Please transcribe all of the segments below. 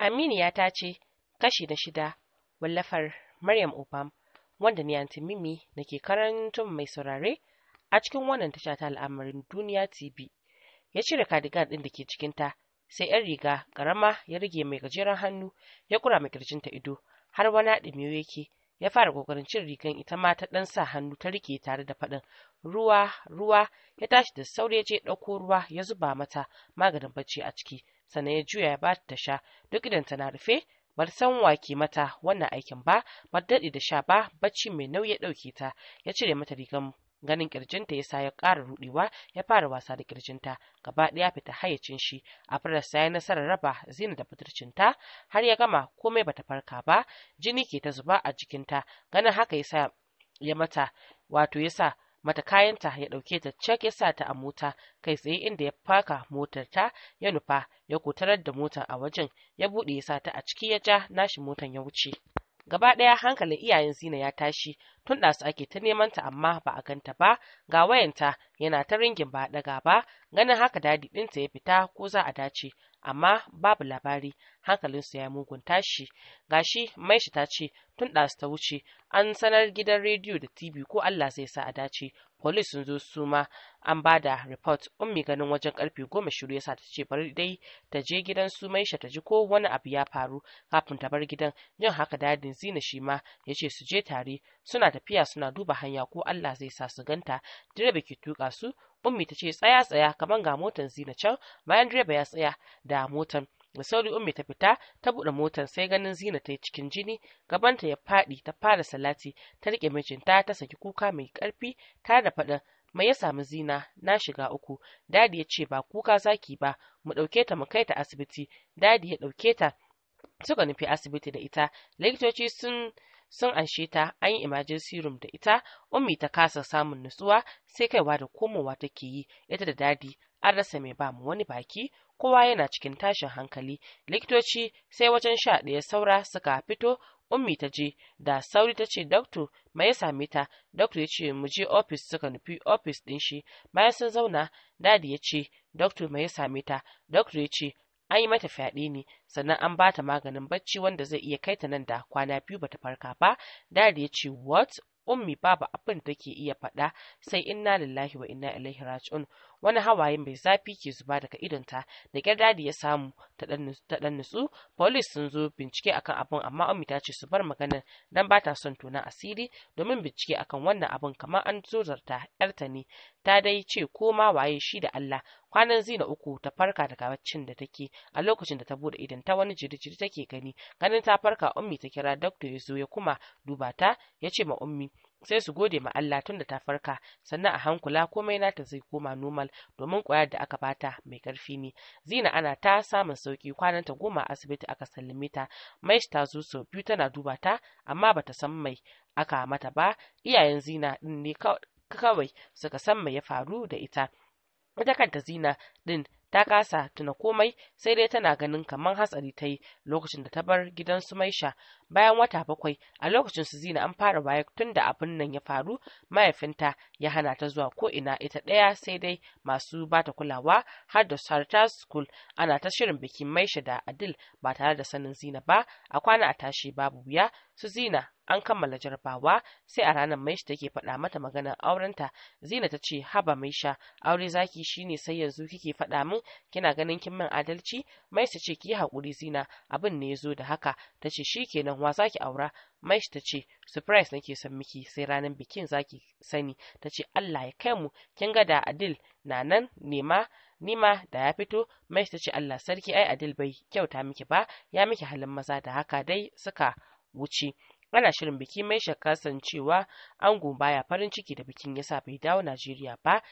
Aminiya ta ce kashi na shida wallafar Maryam Obam wanda ni Aunty Mimi nake karantun mai saurare a cikin wannan tasha ta al'amarin duniya TV. Ya cire kadigar ɗin da ke cikinta sai 'yan riga ƙarama ya rage mai gajeren hannu ya kura mai ta ido har wani ɗumi yake ya fara kokarin cin rigan ita ma ta ɗan sa hannu ta rike tare da faɗin ruwa ruwa ya tashi da sauri ya je ɗauko ruwa ya zuba mata maganin bacci a ciki sannan ya juya ya ba ta sha duk ta na rufe bar san wake mata wannan aikin ba bar daɗe da sha ba bacci mai nauyi ya ɗauke ta ya cire mata rigan ganin kirjinta ya sa ya ƙara ruɗewa ya fara wasa da kirjinta gaba ɗaya fita hayyacin shi a fararsa ya nasarar raba zina da budurcinta har ya gama komai bata farka ba jini ke ta zuba a jikinta ganin haka ya sa ya mata wato ya sa mata kayanta ya ɗauke ta cak ya sa ta a mota kai tsaye inda ya faka motar ta ya nufa ya kotarar da motar a wajen ya buɗe ya sa ta a ciki ya ja nashi motar ya wuce gaba ɗaya hankalin iyayen zina ya tashi tun su ake ta neman ta amma ba a ganta ba ga wayanta yana ta ringin ba ɗaga ba ganin haka dadi ɗinta ya fita ko za a dace amma babu labari hankalinsu ya mugun tashi gashi maisha ta ce tun ɗasu ta wuce an sanar gidan rediyo da tv ko allah zai sa a dace polis sun zo su ma an ba da report ummi ganin wajen karfe goma shiru ya sa ta ce bari dai ta je gidan su maisha ta ji ko wani abu ya faru kafin ta bar gidan yin haka dadin zina shi ma ya ce su je tare suna tafiya suna duba hanya ko allah zai sa su ganta direba ke tuka su ummi ta ce tsaya tsaya kamar ga motan zina can bayan direba ya tsaya da motan da sauri ummi ta fita ta buɗe motan. sai ganin zina ta yi cikin jini gabanta ya faɗi ta fara salati ta riƙe mijinta ta saki kuka mai ƙarfi ta da faɗin mai ya samu zina na shiga uku dadi ya ce ba kuka zaki ba mu ɗauke ta mu kai ta asibiti dadi ya ɗauke ta suka nufi asibiti da ita likitoci sun sun anshe ta an yi emergency room da ita ummi ta kasa samun nutsuwa sai kaiwa da komowa take yi ita da dadi an rasa mai ba mu wani baki kowa yana cikin tashin hankali likitoci sai wajen sha ɗaya saura suka fito ummi ta je da sauri ta ce doctor mai ya same ta doctor ya ce mu je office suka nufi office ɗin shi bayan sun zauna dadi ya ce doctor mai ya same ta doctor ya ce an yi mata fyaɗe ne sannan an ba ta maganin bacci wanda zai iya kai ta nan da kwana biyu bata farka ba dadi ya ce what ummi babu abin da take iya faɗa sai inna lillahi wa inna ilaihi raji'un wani hawaye mai zafi ke zuba daga idonta da ƙyar dadi ya samu ta ɗan nutsu polis sun zo bincike akan abin amma ummi ta ce su bar maganar dan ba ta son tona asiri domin bincike akan wannan abin kamar an zozarta yarta ne ta dai ce ko ma waye shi da Allah kwanan zina uku ta farka daga baccin da take a lokacin da ta bude idan ta wani jiri-jiri take gani ganin ta farka ummi ta kira Dr. ya zo ya kuma duba ta ya ce ma ummi sai su gode ma Allah tun da ta farka sannan a hankula komai nata zai koma normal domin ƙwayar da aka bata mai ƙarfi ne zina ana ta samun sauki kwanan ta goma asibiti aka sallame ta mai ta zo sau biyu tana duba ta amma bata san mai aka mata ba iyayen zina din ne kawai suka san mai ya faru da ita ita kanta zina din ta kasa tuna komai sai dai tana ganin kamar hatsari ta yi lokacin da ta bar gidan su maisha bayan wata bakwai a lokacin su zina an fara baya tun da abin nan ya faru mahaifinta ya hana ta zuwa ko ina ita ɗaya sai dai masu ba ta kulawa har da sarta school ana ta shirin bikin maisha da adil ba tare da sanin zina ba a kwana a tashi babu wuya su zina an kammala jarabawa sai a ranar maisha take faɗa mata maganar aurenta zina ta ce haba sha. aure zaki shine sai yanzu kike faɗa min kina ganin kin min adalci maisha ce ki yi haƙuri zina abin ne ya zo da haka ta ce kenan amma za ki aura maish ta ce surprise nake son miki sai ranar bikin za ki sani ta ce allah ya kai mu kin ga da adil na nan nema nima da ya fito maish ta ce allah sarki ai adil bai kyauta miki ba ya miki halin maza da haka dai suka wuce ana shirin biki mai kasancewa ango baya farin ciki da bikin yasa bai dawo najeriya ba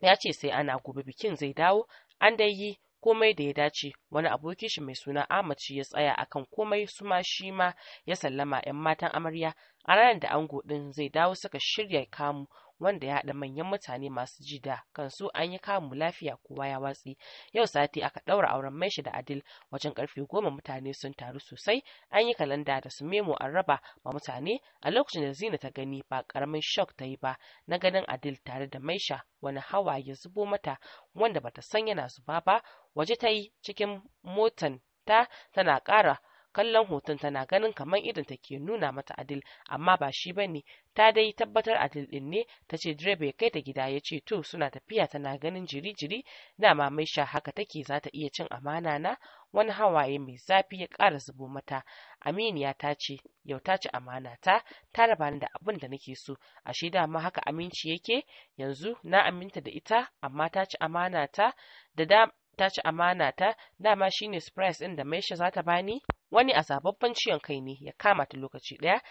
ya ce sai ana gobe bikin zai dawo an dai yi komai da ya dace wani aboki shi mai suna Amaci ya tsaya akan komai su ma shi ma ya sallama 'yan matan amarya a ranar da ango din zai dawo suka shirya kamu wanda ya haɗa manyan mutane masu ji da kansu an yi kamu lafiya kowa ya watsi yau sati aka ɗaura auren mai shi da adil wajen karfe goma mutane sun taru sosai an yi kalanda da su memo an raba ma mutane a lokacin da zina ta gani ba karamin shock ta yi ba na ganin adil tare da maisha wani hawa ya zubo mata wanda bata san yana zuba ba waje ta yi cikin motan ta tana ƙara kallon hoton tana ganin kamar irin ta ke nuna mata adil amma ba shi ba ne ta dai tabbatar adil din ne ta ce direba ya kai ta gida ya ce to suna tafiya tana ganin jiri-jiri dama mai sha haka take za ta iya cin amana na wani hawaye mai zafi ya ƙara zubo mata aminiya ta ce yau ta ci amana ta ta raba ni da abin da nake so ashe dama haka aminci yake yanzu na aminta da ita amma ta ci amana ta da ta ci amana ta dama shine surprise ɗin da Maisha za ta bani wani a sababban ciwon kai ne ya kama ta lokaci ɗaya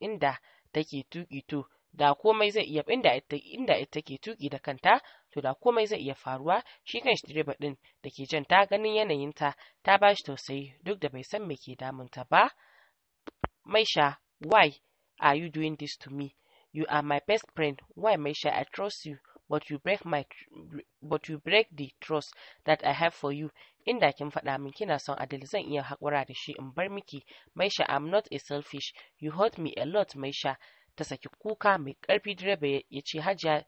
inda take tuki to da komai zai iya inda ita take tuki da kanta to da komai zai iya faruwa shi kan shi direba din da ke jan ta ganin yanayin ta ba shi tausayi duk da bai san me ke ta ba maisha why are you doing this to me you are my best friend why maisha i trust you but you break my but you break the trust that I have for you inda kin faɗa min kina son Adele zan iya haƙura da shi in bar miki Maisha I'm not a selfish you hurt me a lot Maisha ta saki kuka mai ƙarfi direba ya ce Hajiya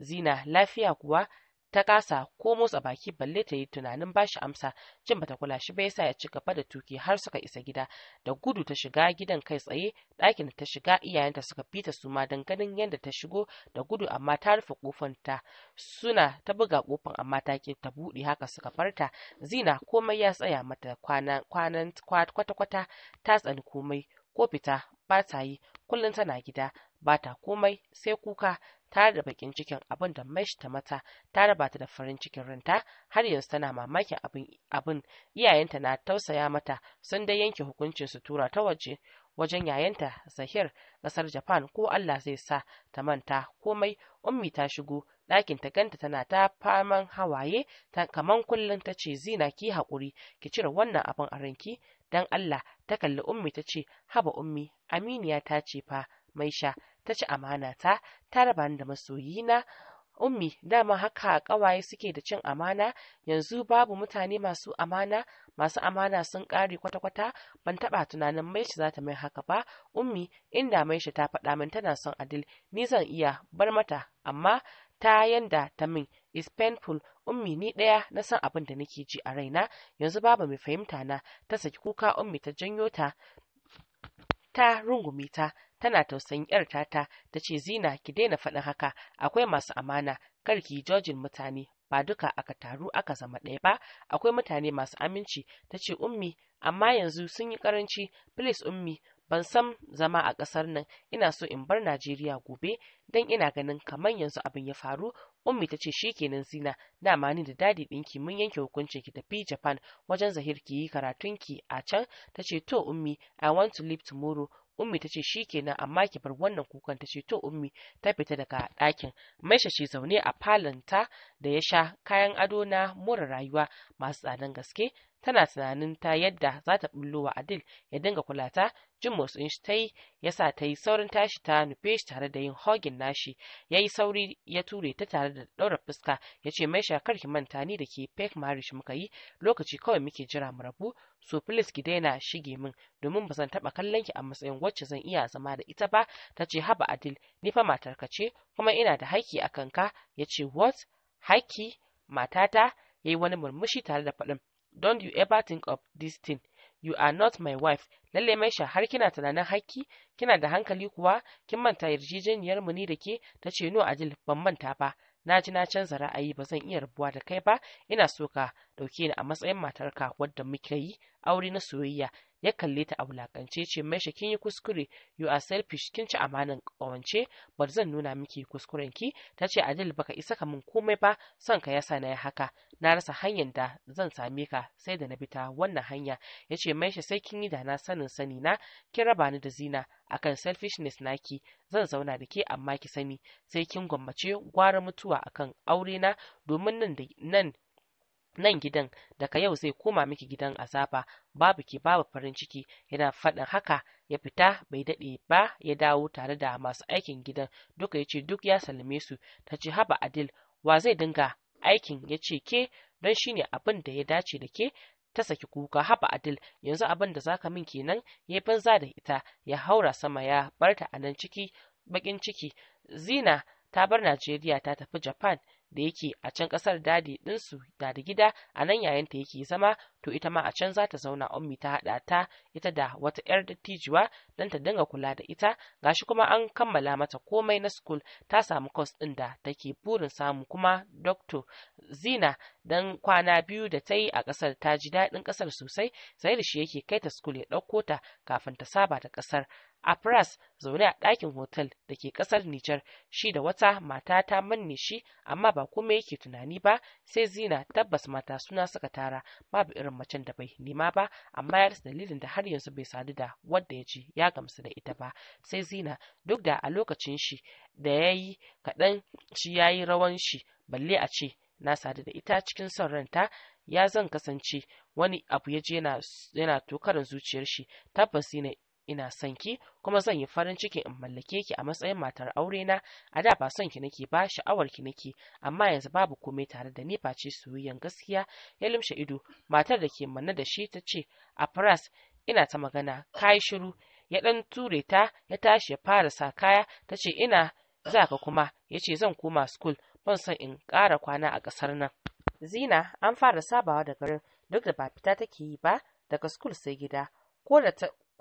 Zina lafiya kuwa ta kasa ko motsa baki balle ta yi tunanin bashi amsa jin bata kula shi ba sa ya ci gaba da tuki har suka isa gida da gudu ta shiga gidan kai tsaye ɗakin ta shiga iyayenta suka fita su ma don ganin yadda ta shigo da gudu amma ta rufe kofan ta suna ta buga kofan amma ta ke ta buɗe haka suka farta zina komai ya tsaya mata kwanan kwata-kwata ta tsani komai ko fita ba ta yi kullum tana gida ba ta komai sai kuka tare da bakin cikin abin da mai ta mata ta raba ta da farin cikin ranta har yanzu tana mamakin abin iyayenta na tausaya mata sun dai yanke hukuncin su tura ta waje wajen yayanta Zahir ƙasar Japan ko Allah zai sa ta manta komai ummi ta shigo ɗakin ta ganta tana ta faman hawaye ta kaman kullum ta ce zina ki haƙuri ki cire wannan abin a ranki dan Allah ta kalli ummi ta ce haba ummi aminiya ta ce fa mai sha ta ci amana ta ta raba ni da masoyina ummi dama haka ƙawaye suke da cin amana yanzu babu mutane masu amana masu amana sun ƙare kwata-kwata ban taba tunanin maisha za ta mai haka ba ummi inda maisha ta faɗa min tana son adil ni zan iya bar mata amma ta yanda ta min is painful ummi ni ɗaya na san abin da nake ji a raina yanzu babu mai fahimta na ta saki kuka ummi ta janyo ta ta rungume ta tana tausayin yar tata ta ce zina ki daina faɗin haka akwai masu amana kar ki jojin mutane ba duka aka taru aka zama ɗaya ba akwai mutane masu aminci ta ce ummi amma yanzu sun yi karanci please ummi ban san zama a ƙasar nan ina so in bar Najeriya gobe don ina ganin kamar yanzu abin ya faru ummi ta ce kenan zina dama ni da dadi ɗinki mun yanke hukunci ki tafi Japan wajen zahir ki yi karatunki a can ta ce to ummi I want to live tomorrow ummi ta ce shi kenan amma ki bar wannan kukan ta ce to ummi ta fita daga ɗakin maisha ce zaune a falon ta da ya sha kayan ado na more rayuwa masu tsadan gaske tana tunanin ta yadda za ta bullo wa Adil ya dinga kula ta jin motsin shi ta yi ya sa ta yi saurin tashi ta nufe shi tare da yin hogin nashi ya yi sauri ya ture ta tare da ɗaura fuska ya ce mai shakar ki manta ni da ke pek marish muka yi lokaci kawai muke jira mu rabu so filis ki daina shige min domin ba zan taɓa kallon ki a matsayin wacce zan iya zama da ita ba ta ce haba Adil ni fa matar ka ce kuma ina da haƙƙi a kanka ya ce what haƙƙi matata ya yi wani murmushi tare da faɗin Don't you ever think of this thing. You are not my wife. Lalle mai sha har kina tunanin hakki, kina da hankali kuwa, kin manta yarjejeniyar mu ni da ke, ta ce no Ajil ban manta ba. Na ji na canza ra'ayi ba zan iya rabuwa da kai ba, ina so ka dauke ni a matsayin matarka wadda muke yi aure na soyayya. ya kalle ta a wulakance ce maisha kin yi kuskure you are selfish kin ci amanan kawance bar zan nuna miki kuskuren ki ta ce adil baka isa ka min komai ba son ka yasa na yi haka na rasa hanyar da zan same ka sai da na bi ta wannan hanya ya ce shi sai kin yi da na sanin sani na kin raba ni da zina akan selfishness naki zan zauna da ke amma ki sani sai kin gwammace gwara mutuwa akan aure na domin nan da nan nan gidan daga yau zai koma miki gidan azaba babu ki babu farin ciki yana faɗin haka ya fita bai daɗe ba ya dawo tare da masu aikin gidan duka ya ce duk ya salme su ta ce haba adil wa zai dinga aikin ya ce ke don shine abin da ya dace da ke ta saki kuka haba adil yanzu abin da zaka min kenan ya yi banza da ita ya haura sama ya barta a nan ciki bakin ciki zina ta bar najeriya ta tafi japan da yake a can ƙasar dadi ɗinsu da da gida a nan yayin ta yake zama to ita ma a can za ta zauna ummi ta haɗa ta ita da wata 'yar dattijuwa don ta dinga kula da ita gashi kuma an kammala mata komai na school ta samu kwas ɗin da take burin samu kuma doctor zina don kwana biyu da ta yi a ƙasar ta ji daɗin ƙasar sosai sai da shi yake kai ta school ya ɗauko ta kafin ta saba da ƙasar a Pras zaune a ɗakin hotel da ke ƙasar Nijar shi da wata mata ta manne shi amma ba kuma yake tunani ba sai zina tabbas mata suna suka tara babu irin macen da bai nema ba amma ya rasa dalilin da har yanzu bai sadu da wadda ya ce ya gamsu da ita ba sai zina duk da a lokacin shi da ya yi kaɗan shi ya yi rawan shi balle a ce na sadu da ita cikin son ranta ya zan kasance wani abu ya je yana tokarin zuciyar shi tabbas zina ina son ki kuma zan yi farin ciki in mallake ki a matsayin matar aure na a da ba son ki nake ba sha'awar ki nake amma yanzu babu komai tare da ni face soyayyen gaskiya ya lumshe ido matar da ke manna da shi ta ce a faras ina ta magana kai shiru ya dan ture ta ya tashi ya fara sa kaya ta ce ina za ka kuma ya ce zan koma school ban son in ƙara kwana a ƙasar nan zina an fara sabawa da garin duk da ba fita take yi ba daga school sai gida ko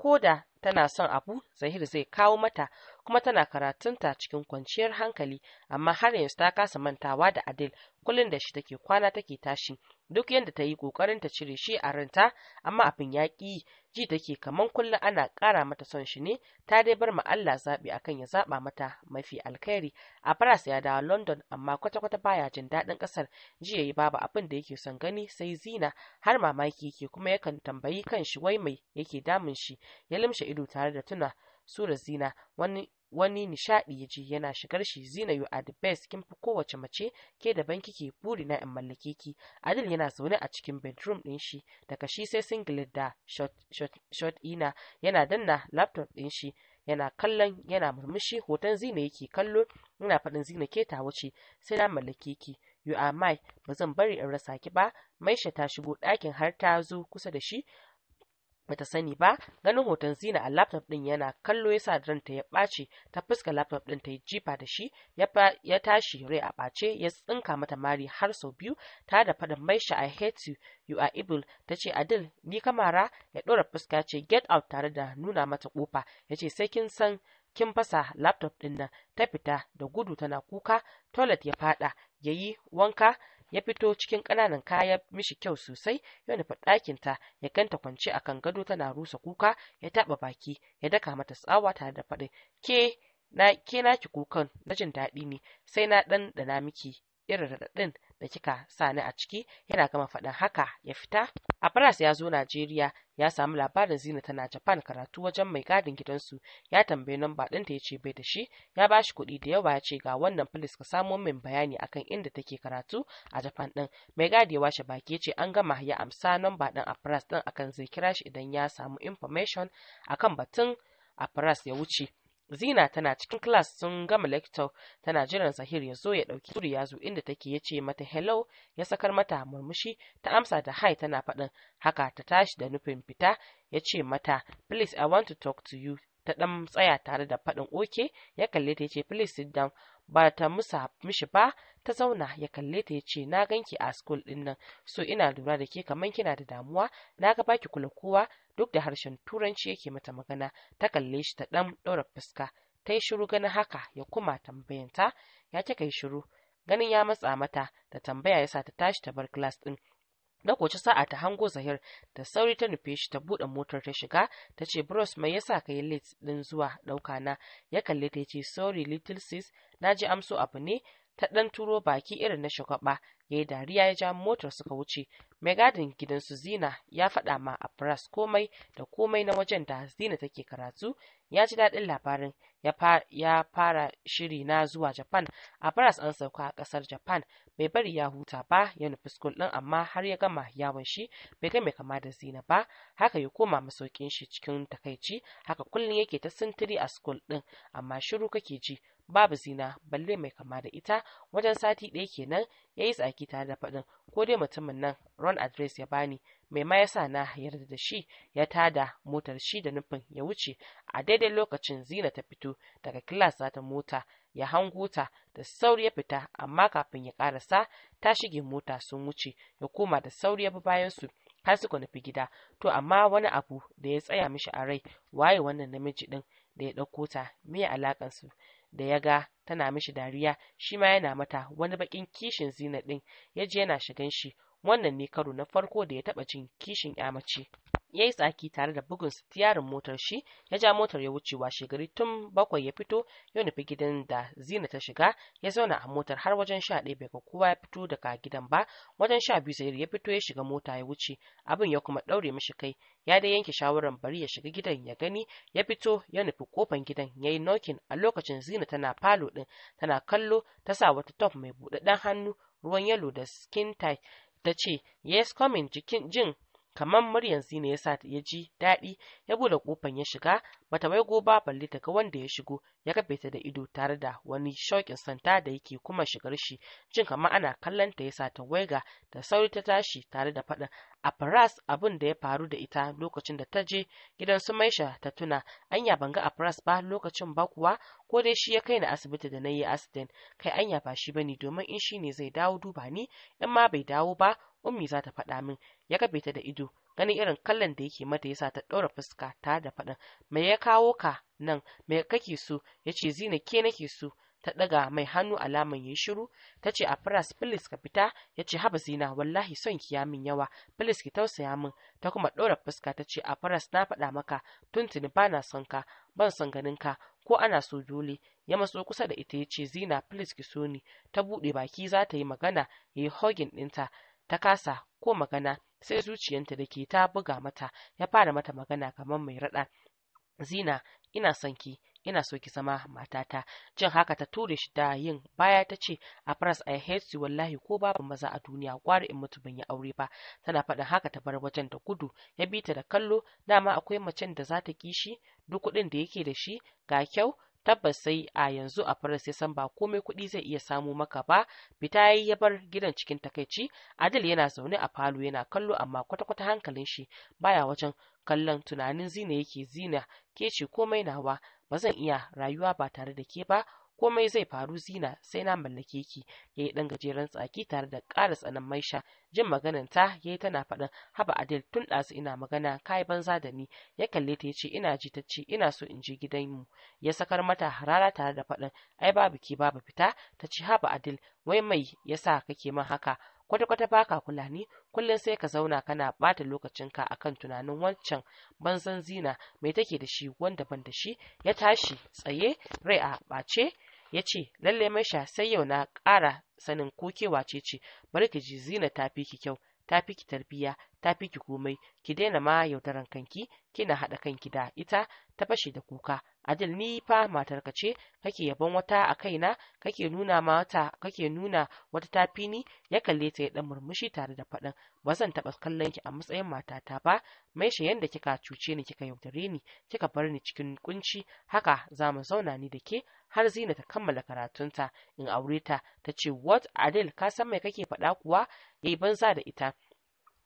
ko da tana son abu zahir zai kawo mata kuma tana karatunta cikin kwanciyar hankali amma har yanzu ta kasa mantawa da adil kullum da shi take kwana take tashi duk yadda ta yi ƙoƙarin ta cire shi a ranta amma abin ya ƙi ji take kaman kullum ana ƙara mata son shi ne ta dai bar ma Allah zaɓi akan ya zaɓa mata mafi alkhairi a Paris ya dawo London amma kwata-kwata baya jin daɗin ƙasar ji yayi babu abin da yake son gani sai zina har mamaki yake kuma yakan tambayi kan shi wai mai yake damun shi ya limshe ido tare da tuna surar zina wani wani nishaɗi ya ji yana shigar shi zina you are the best kin fi kowace mace ke da banki ke buri na in mallake ki adil yana zaune a cikin bedroom din shi daga shi sai singlet da shot, shot, shot ina yana danna laptop din shi yana kallon yana murmushi hoton zina yake kallo ina fadin zina ke ta wuce sai na mallake ki you are my ba zan bari in rasa ki ba maisha ta shigo ɗakin har ta zo kusa da shi bata sani ba ganin hoton zina a laptop din yana kallo yasa ranta ya ɓaci ta fuska laptop din ta yi jifa da shi ya tashi rai a ɓace ya tsinka mata mari har sau biyu ta da faɗin maisha i hate you you are evil ta ce adil ni kamara ya ɗora fuska ce get out tare da nuna mata ƙofa ya ce sai kin san kin fasa laptop din nan ta fita da gudu tana kuka toilet ya faɗa ya yi wanka ya fito cikin ƙananan kaya mishi kyau sosai ya nufi ɗakinta ya ganta kwance a kan gado tana rusa kuka ya taɓa baki ya daka mata tsawa tare da faɗin ke na ke naki kukan na jin daɗi ne sai na ɗan da na miki irin raɗaɗin da kika sa ni a ciki yana gama faɗin haka ya fita Abbas ya zo Najeriya ya samu labarin Zina tana Japan karatu wajen mai gadin gidansu ya tambayi namba ɗinta ya ce bai da shi ya ba shi kuɗi da yawa ya ce ga wannan filis ka samo min bayani akan inda take karatu a Japan ɗin mai gadi ya washe baki ya ce an gama ya amsa namba ɗin Abbas ɗin akan zai kira shi idan ya samu information akan batun Abbas ya wuce Zina tana cikin class sun gama lecture tana jiran Sahir ya zo ya ɗauki Suri ya zo inda take ya ce mata hello ya sakar mata murmushi ta amsa da hi tana faɗin haka ta tashi da nufin fita ya ce mata please I want to talk to you ta ɗan tsaya tare da faɗin oke ya kalle ta ce please sit down ba ta musa mishi ba ta zauna ya kalle ta yace na ganki a school din nan so ina lura da ke kaman kina da damuwa na ga baki kula kowa duk da harshen turanci yake mata magana ta kalle shi ta ɗan ɗaura fuska ta yi shiru ganin haka ya kuma tambayanta ya kika yi shiru ganin ya matsa mata da tambaya yasa ta tashi ta bar class din Na koci sa'a ta hango Zahir da sauri ta nufe shi ta buɗe motar ta shiga ta ce Bros mai yasa ka yi late ɗin zuwa ɗauka na ya kalle ta ce sorry little sis na ji amso abu ne ta ɗan turo baki irin na shagwaba ya yi dariya ya ja motar suka wuce mai gadin gidan su zina ya faɗa ma a firas komai da komai na wajen da zina take karatu ya ji daɗin labarin ya fara shiri na zuwa japan a firas an sauka a ƙasar japan bai bari ya huta ba ya nufi skul ɗin amma har ya gama yawon shi bai ga mai kama da zina ba haka ya koma masaukin shi cikin takaici haka kullum yake ta sintiri a skul ɗin amma shiru kake ji babu zina balle mai kama da ita wajen sati ɗaya kenan ya yi tsaki tare da faɗin ko dai mutumin nan ron adres ya bani mai ma yasa na yarda da shi ya tada motar shi da nufin ya wuce a daidai lokacin zina ta fito daga kilas ta mota ya hango ta da sauri ya fita amma kafin ya karasa ta shige mota sun wuce ya koma da sauri ya bi bayan su har suka nufi gida to amma wani abu da ya tsaya mishi a rai waye wannan namiji din da ya ɗauko ta me alakan su da ya ga tana mishi dariya shi ma yana mata wani bakin kishin zina ɗin ya je yana shigan shi wannan ne karo na farko da ya taɓa jin kishin ya mace ya yi tsaki tare da bugun sitiyarin motar shi ya ja motar ya wuce washe gari tun bakwai ya fito ya nufi gidan da zina ta shiga ya zauna a motar har wajen sha ɗaya bai ga kowa ya fito daga gidan ba wajen sha biyu sayar ya fito ya shiga mota ya wuce abin ya kuma ɗaure mishi kai ya dai yanke shawarar bari ya shiga gidan ya gani ya fito ya nufi kofan gidan ya yi nokin a lokacin zina tana falo ɗin tana kallo ta sa wata top mai buɗaɗɗen hannu ruwan yalo da skin tight ta ce yes coming jin kamar muryan zina ya sa ya ji daɗi ya bude kofan ya shiga bata wai goba balle ta ga wanda ya shigo ya kafe ta da ido tare da wani shauƙin santa da yake kuma shigar shi jin kamar ana kallon ta ya sa ta waiga da sauri ta tashi tare da faɗin a faras abin da ya faru da ita lokacin da ta je gidan su maisha ta tuna anya ban ga a faras ba lokacin ba kuwa ko dai shi ya kai na asibiti da na yi accident kai anya ba shi bane domin in shi ne zai dawo duba ni in ma bai dawo ba ummi za ta faɗa min ya kafe ta da ido ganin irin kallon da yake mata yasa ta ɗora fuska ta da faɗin me ya kawo ka nan me kake so ya ce zina ke nake so ta ɗaga mai hannu alaman ya shiru ta ce a firas filis ka fita ya ce haba zina wallahi son ki ya min yawa filis ki tausaya min ta kuma ɗora fuska ta ce a firas na faɗa maka tuntuni ba na son ka ban son ganin ka ko ana so dole ya maso kusa da ita ya ce zina filis ki so ni ta buɗe baki za ta yi magana ya yi hogin ɗinta ta kasa ko magana sai zuciyanta da ke ta buga mata ya fara mata magana kamar mai raɗa zina ina son ki ina so ki zama matata jin haka ta ture shi da yin baya ta ce a faras a yi wallahi ko babu maza a duniya kwari in mutu ban yi aure ba tana faɗin haka ta bar wajen da gudu ya bi ta da kallo dama akwai macen da za ta ki duk kuɗin da yake da shi ga kyau tabbas sai a yanzu a faras ya san ba komai kuɗi zai iya samu maka ba fita yayi ya bar gidan cikin takaici adil yana zaune a falo yana kallo amma kwata-kwata hankalin shi baya wajen kallon tunanin zina yake zina ke ce komai nawa ba zan iya rayuwa ba tare da ke ba komai zai faru zina sai na mallake ki ya yi ɗan gajeren tsaki tare da ƙara tsanan maisha jin maganan ta ya yi tana faɗin haba adil tun ɗasu ina magana kayi banza da ni ya kalle ta ya ce ina ji ta ce ina so in je gidan mu." ya sakar mata harara tare da faɗin ai babu ki babu fita ta ce haba adil wai mai yasa kake man haka kwata-kwata baka kula ni kullum sai ka zauna kana ɓata lokacinka akan tunanin wancan banzan zina mai take da shi wanda ban da shi ya tashi tsaye rai a ɓace ya ce lalle masha sai yau na ƙara sanin ko ke ce bari ki ji zina ta fi ki kyau ta fi ki tarbiya ta fi ki komai ki daina ma yaudaran kanki kina haɗa kanki da ita ta fashe da kuka adil ni fa ka ce kake yabon wata a kaina kake nuna ma wata kake nuna wata tafi ni ya kalle ta ya ɗan murmushi tare da faɗin ba zan taɓa kallon ki a matsayin matata ba mai shi yanda kika cuce ni kika yaudare ni kika bar ni cikin kunci haka za mu zauna ni da ke har zina ta kammala karatunta in aure ta ta ce what adil ka san mai kake faɗa kuwa yayi eh, banza da ita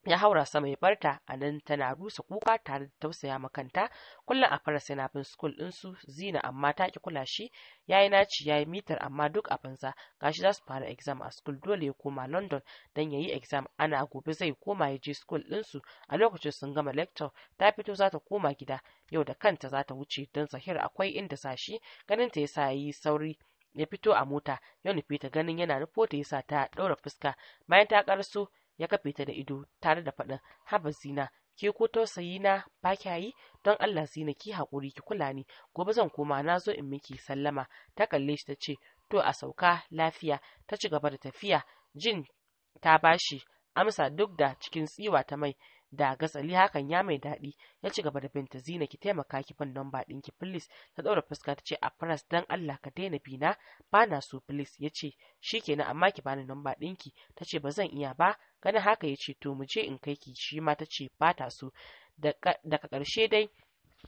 ya haura sama ya barta a nan tana rusa kuka tare da tausaya makanta kullum a fara sinafin school su zina amma ta ki kula shi ya yi naci ya yi mitar amma duk a banza gashi za su fara exam a school dole ya koma london don ya yi exam ana gobe zai koma ya je school su a lokacin sun gama lecture ta fito za ta koma gida yau da kanta za ta wuce don zahir akwai inda sashi ganin ta yasa ya yi sauri ya fito a mota yau nufi ta ganin yana nufo ta yasa ta ɗaura fuska bayan ta karso ya kafe ta da ido tare da faɗin haba zina ke ko tausayi na ba kya yi don Allah zina ki haƙuri ki kula ni gobe zan koma na zo in miki sallama ta kalle shi ta ce to a sauka lafiya ta ci gaba da tafiya jin ta bashi amsa duk da cikin tsiwa ta mai da gasali hakan ya mai daɗi ya ci gaba da binta zina ki taimaka ki ban namba ɗinki filis ta ɗaura fuska ta ce a faras don Allah ka daina bina ba na so filis ya ce kenan amma ki bani namba ɗinki ta ce ba zan iya ba ganin haka ya ce to mu je in kai ki shi ma ta ce ba ta so daga karshe dai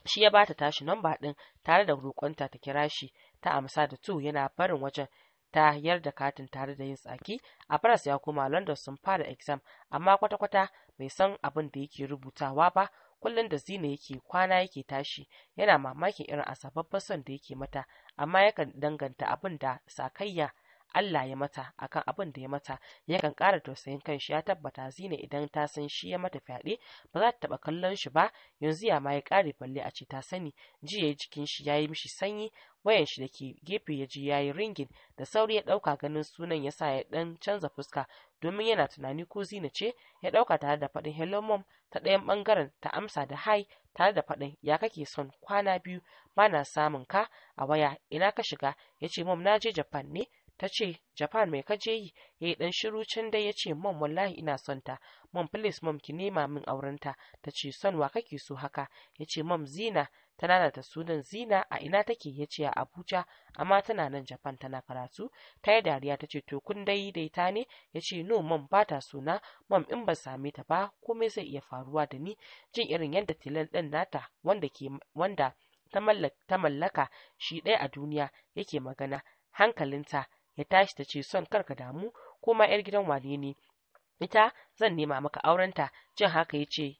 shi ya bata tashi nan ba ɗin tare da roƙonta ta kira shi ta amsa da tu yana barin wajen ta da katin tare da yin tsaki a faras ya koma london sun fara exam amma kwata-kwata bai san abin da yake rubutawa ba kullum da zina yake kwana yake tashi yana mamakin irin asababban son da yake mata amma yakan danganta abin da sakayya Allah ya mata akan abin da ya mata yakan ƙara tausayin shi ya tabbata zina idan ta san shi ya mata fyaɗe ba za ta taɓa kallon shi ba yanzu ya ma ya ƙare balle a ce ta sani jiya jikin shi ya yi mishi sanyi wayan shi da ke gefe ya ji ya yi ringin da sauri ya ɗauka ganin sunan ya sa ya ɗan canza fuska domin yana tunani ko zina ce ya ɗauka tare da faɗin hello mom ta ɗayan ɓangaren ta amsa da hi tare da faɗin ya kake son kwana biyu ba na samun ka a waya ina ka shiga ya ce mom na je japan ne ta ce japan mai kaje yi ya yi dan shiru can dai ya ce mom wallahi ina son ta mom please mom ki nema min auren ta ta ce son wa kake so haka ya ce mom zina ta nanata sunan zina a ina take ya ce a abuja amma tana nan japan tana karatu ta yi dariya ta ce to kun dai ta ne ya ce no mom ba ta suna mom in ba same ta ba komai zai iya faruwa da ni jin irin yadda tilan ɗin nata wanda ke wanda ta mallaka shi ɗaya a duniya yake magana hankalinta ya tashi ta ce son karka damu ko ma 'yar gidan wane ne ita zan nema maka aurenta jin haka ya ce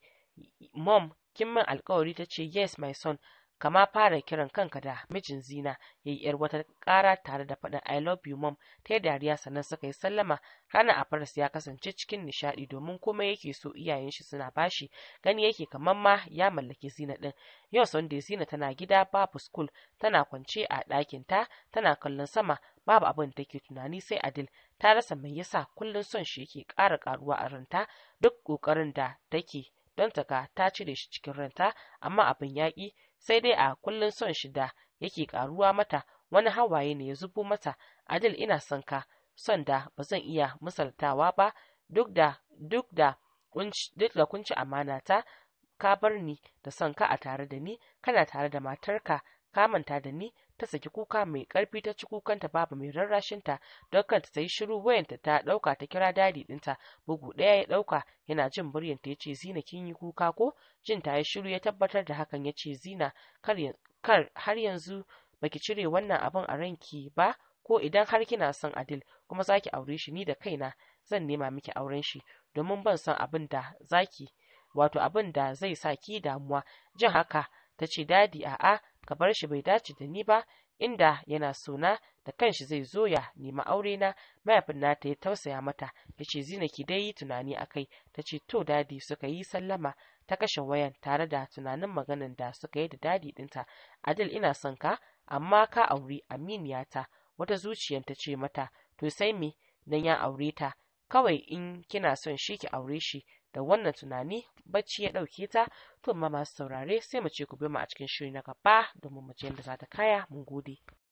mom kin min alkawari ta ce yes my son kama fara kiran kanka da mijin zina ya yi yar wata ƙara tare da faɗin I love you mom ta dariya sannan suka yi sallama ranar a faras ya kasance cikin nishaɗi domin komai yake so iyayen shi suna bashi gani yake kamar ma ya mallaki zina ɗin yau sunday zina tana gida babu school tana kwance a ta tana kallon sama babu abin da take tunani sai adil ta rasa mai yasa kullum son shi yake ƙara ƙaruwa a ranta duk ƙoƙarin da take don ta ta cire shi cikin ranta amma abin yaƙi sai dai a kullun son shi da yake karuwa mata wani hawaye ne ya zubo mata adil ina son ka son da ba zan iya misaltawa ba duk da duk da duk da kunci amana ta ka bar ni da son ka a tare da ni kana tare da matarka ka manta da ni ta saki kuka mai karfi ta ci kukanta babu mai rarrashin ta don kanta ta yi shiru wayanta ta dauka ta kira dadi dinta bugu daya ya dauka yana jin muryan ya ce zina kin yi kuka ko jin ta yi shiru ya tabbatar da hakan yace zina kar har yanzu baki cire wannan abin a ranki ba ko idan har kina son adil kuma zaki aure shi ni da kaina zan nema miki auren shi domin ban san abin da zaki wato abin da zai sa ki damuwa jin haka ta ce dadi a'a ka bar shi bai dace da ni ba inda yana sona da kanshi zai zo ya nemi aure na mayafin nata ya tausaya mata ya ce zina ki dai yi tunani a kai ta ce to dadi suka yi sallama ta kashe wayan tare da tunanin maganin da suka yi da dadi ɗinta, adil ina son ka amma ka auri aminiyata wata zuciyar ta ce mata to sai me nan ya aure ta kawai in kina son shi ki aure shi da wannan tunani bacci ya ɗauke ta to amma masu saurare sai mu ce ku bi mu a cikin shiri na gaba domin mu ji yadda za ta kaya mun gode